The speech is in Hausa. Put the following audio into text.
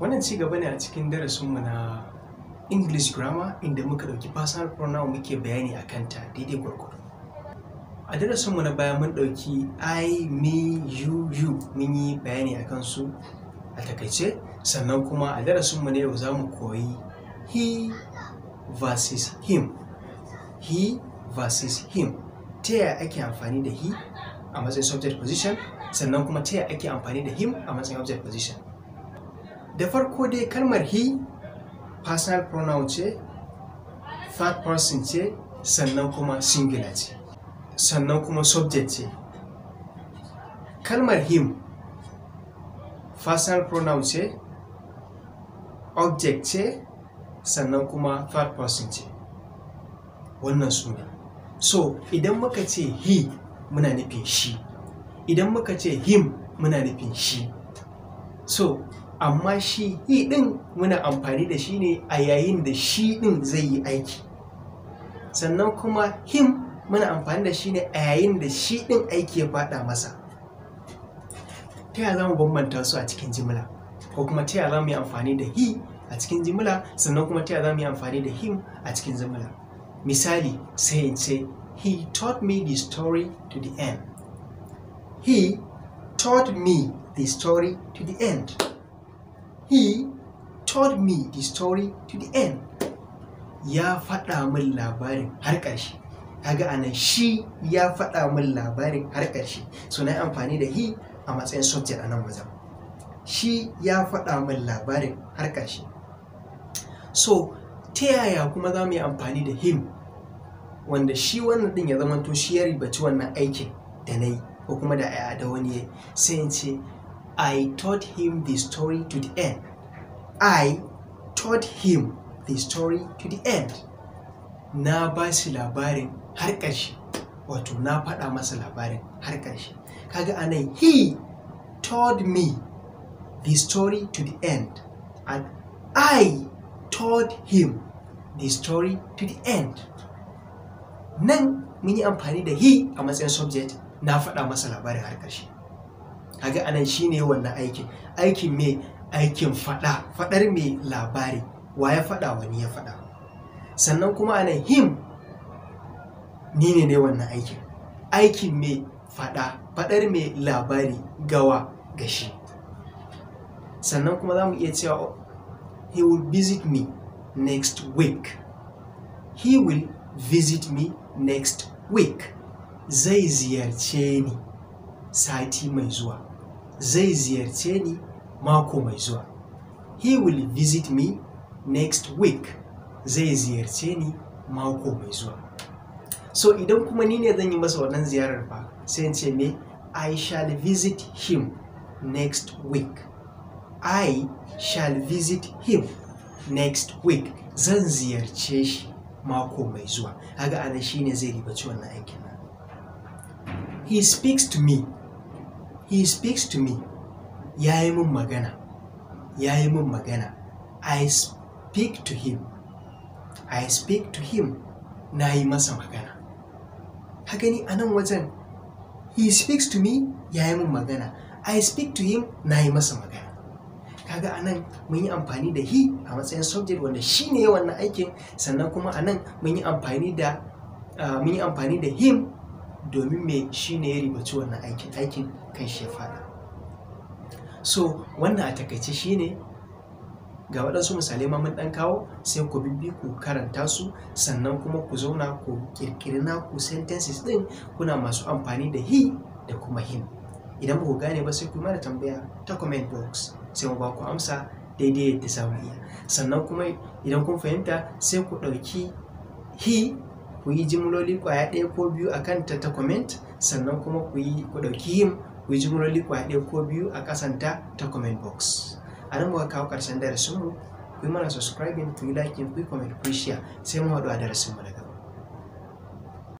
wannan ci gaba ne a cikin darasinmu na english grammar inda muka ɗauki personal pronoun muke bayani a kanta daidai gwargwado a darasinmu na baya mun ɗauki i me you you mun yi bayani a kansu a takaice sannan kuma a darasinmu na yau za mu koyi he versus him he versus him ta yaya ake amfani da he a matsayin subject position sannan kuma ta yaya ake amfani da him a matsayin object position da farko dai kalmar he personal pronoun ce third person ce sannan kuma singular ce sannan kuma subject ce kalmar him personal pronoun ce object ce sannan kuma third person ce wannan su ne so idan muka ce he muna nufin shi idan muka ce him muna nufin shi so amma shi yi ɗin muna amfani da shi ne a yayin da shi ɗin zai yi aiki sannan kuma him muna amfani da shi ne a yayin da shi ɗin aiki ya faɗa masa ta yaya za bambanta su a cikin jimla ko kuma ta yaya za mu yi amfani da he a cikin jimla sannan kuma ta yaya za mu yi amfani da him a cikin jimla misali sai in ce he taught me the story to the end he taught me the story to the end He told me the story to the end. Ya faɗa min labarin har ƙarshe. Kaga anan shi ya faɗa min labarin har ƙarshe. So na yi amfani da he a matsayin subject a nan Shi ya faɗa min labarin har ƙarshe. So ta yaya kuma za mu yi amfani da him wanda shi wannan ɗin ya to shi ya ribaci wannan aikin da na yi ko kuma da da wani ya sai I told him the story to the end. I taught him the story to the end. Na ba shi labarin har ƙarshe, wato na faɗa masa labarin har ƙarshe. Kaga ana he told me the story to the end and I told him the story to the end. Nan mun yi amfani da he a matsayin subject na faɗa masa labarin har ƙarshe. kaga anan shine wannan aikin aikin me aikin fada fadar me labari wa ya fada wani ya fada sannan kuma anan him ni ne ne wannan aikin aikin me fada fadar me labari gawa ga shi sannan kuma za mu iya cewa oh, he will visit me next week he will visit me next week zai ziyarce ni sati mai zuwa zai ziyarce ni mako mai zuwa. He will visit me next week. Zai ziyarce ni mako mai zuwa. So idan kuma ni ne zan yi masa wannan ziyarar ba, sai in ce me I shall visit him next week. I shall visit him next week. Zan ziyarce shi mako mai zuwa. Haga ana shine zai ribaci wannan aikin. He speaks to me he speaks to me ya yi min magana ya yi min magana I speak to him I speak to him na yi masa magana ka gani a nan wajen he speaks to me ya yi min magana I speak to him na yi masa magana kaga a nan mun yi amfani da he a matsayin subject wanda shi ne wannan aikin sannan kuma a nan mun yi amfani da ah, him domin me shi ne ya ribaci wannan aikin aikin kan shi ya faɗa so wannan a takaice shi ne ga waɗansu misalai ma mun ɗan kawo sai ku bibbi ku karanta su sannan kuma ku zauna ku ƙirƙiri naku sentences ɗin kuna masu amfani da he da kuma him idan ba ku gane ba sai ku mara tambaya ta comment box sai mu ba ku amsa daidai yadda za mu iya sannan kuma idan kun fahimta sai ku ɗauki he ku yi jimloli kwaya ɗaya ko biyu a kanta ta comment sannan kuma ku yi ku ɗauki yin ku yi jimloli kwaya ɗaya ko biyu a ƙasanta ta comment box a nan muka kawo ƙarshen darasinmu ku yi mana subscribing ku yi liking ku yi comment ku yi share sai mu haɗu a darasinmu na gaba